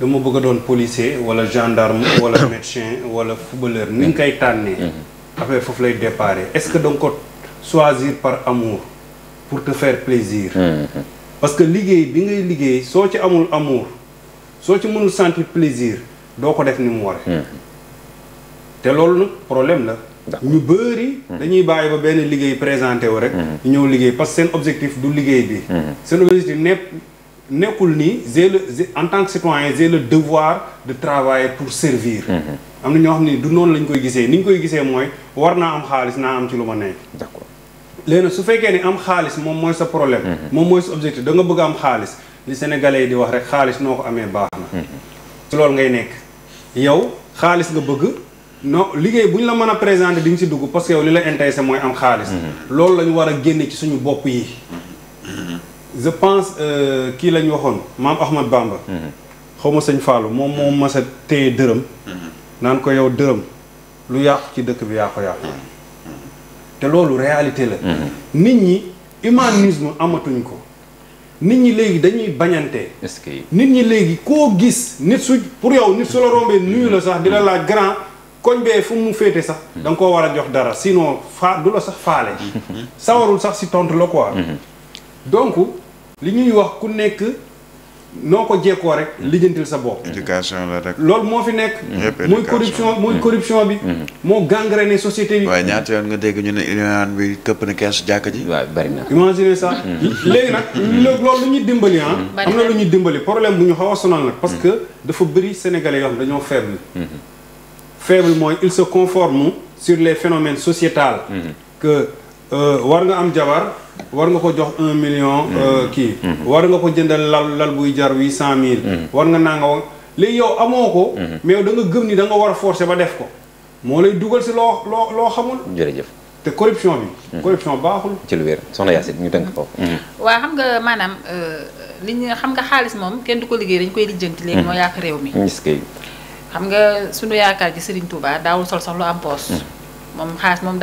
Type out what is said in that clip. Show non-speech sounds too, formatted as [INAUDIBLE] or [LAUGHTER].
dama bëgg a doon policier wala gendarme [COUGHS] wala médecin wala footballeur ni nga koy tànnee. Mm-hmm. affaire foofu lay départ est-ce que da nga ko choisir par amour pour te faire plaisir. Mm-hmm. parce que liggéey bi ngay liggéey soo ci amul amour soo ci mënul sentir plaisir doo ko def ni mu waree. Mm-hmm. te loolu nag problème la. ñu bëri. dañuy bàyyi ba benn liggéey présenté wu rek. ñëw liggéey parce que seen objectif du liggéey bi. seen objectif nepp nekkul nii j'ai le en tant que citoyen j'ai le devoir de travailler pour servir. Mhm. am na ñoo xam ne du noonu lañu koy gisee ni ñu koy gisee mooy war naa am xaalis naa am ci lu ma nekk. d'accord léegi nag su fekkee ni am xaalis moom mooy sa problème. Mhm. moom mooy sa objectif da nga bëgg am xaalis li sénégalais di wax rek xaalis noo ko amee baax na. Mhm. ci loolu ngay nekk yow xaalis nga bëgg. non liggéey bu ñu la mën a présenter di nga si dugg parce que yow li la intéressé mooy am xaalis. loolu la war a génne ci suñu bopp yi. je pense euh, kii la ñu waxoon maam Ahmad Bamba. Mhm. xaw ma sëñ Fallou moom moo mas mhm. a téye dërëm. Mhm. naan ko yow dërëm lu yàqu ci dëkk bi yaa ko yàqu. te loolu réalité la. nit ñi humanisme amatuñ ko. nit ñi léegi dañuy bañante. est-ce que nit ñi léegi koo gis nit su pour yow nit su la rombee nuyu la sax dina la laaj grand koñ bee fu mu féete sax. da nga koo war a jox dara sino faa du la sax faale. sawarul sax si tontu la quoi. donc. li ñuy wax ku nekk noo ko jekkoo rek mm. lijjantil sa bopp. éducation la rek. loolu moo fi nekk. muy corruption muy mm. bi. Mm. moo gangréné société bi. waaye ñaata yoon nga dégg ñu ne Ilimaan bi këpp na kees jàkka ji. waaw bari na. nag loolu lu ñuy dimbali ah. na lu ñuy dimbali problème bu ñu xaw a sonal nag. parce que dafa bëri sénégalais yoo dañoo faible. Mm-hmm. faible mooy il se conforme sur les phénomènes sociétals mm-hmm. que. Euh, war nga am jabar war nga ko jox un million. Euh, mm-hmm. kii mm-hmm. war nga ko jëndal lal lal buy jar huit cent mille. Mm-hmm. war nga nangoo nga yow amoo ko. mais da gëm ni da war a forcer ba def ko moo lay dugal si loo loo loo xamul. jërëjëf. te corruption bi. corruption baaxul. ci lu wér soxna Yacine ñu tënk ko waa xam nga maanaam euh, li ñu xam nga xaalis moom kenn du ko liggéey dañ koy lijjanti léegi moo yàq réew mi. xam nga sunu yaakaar ji Serigne Touba daawul sol sax lu am poos moom xaalis moom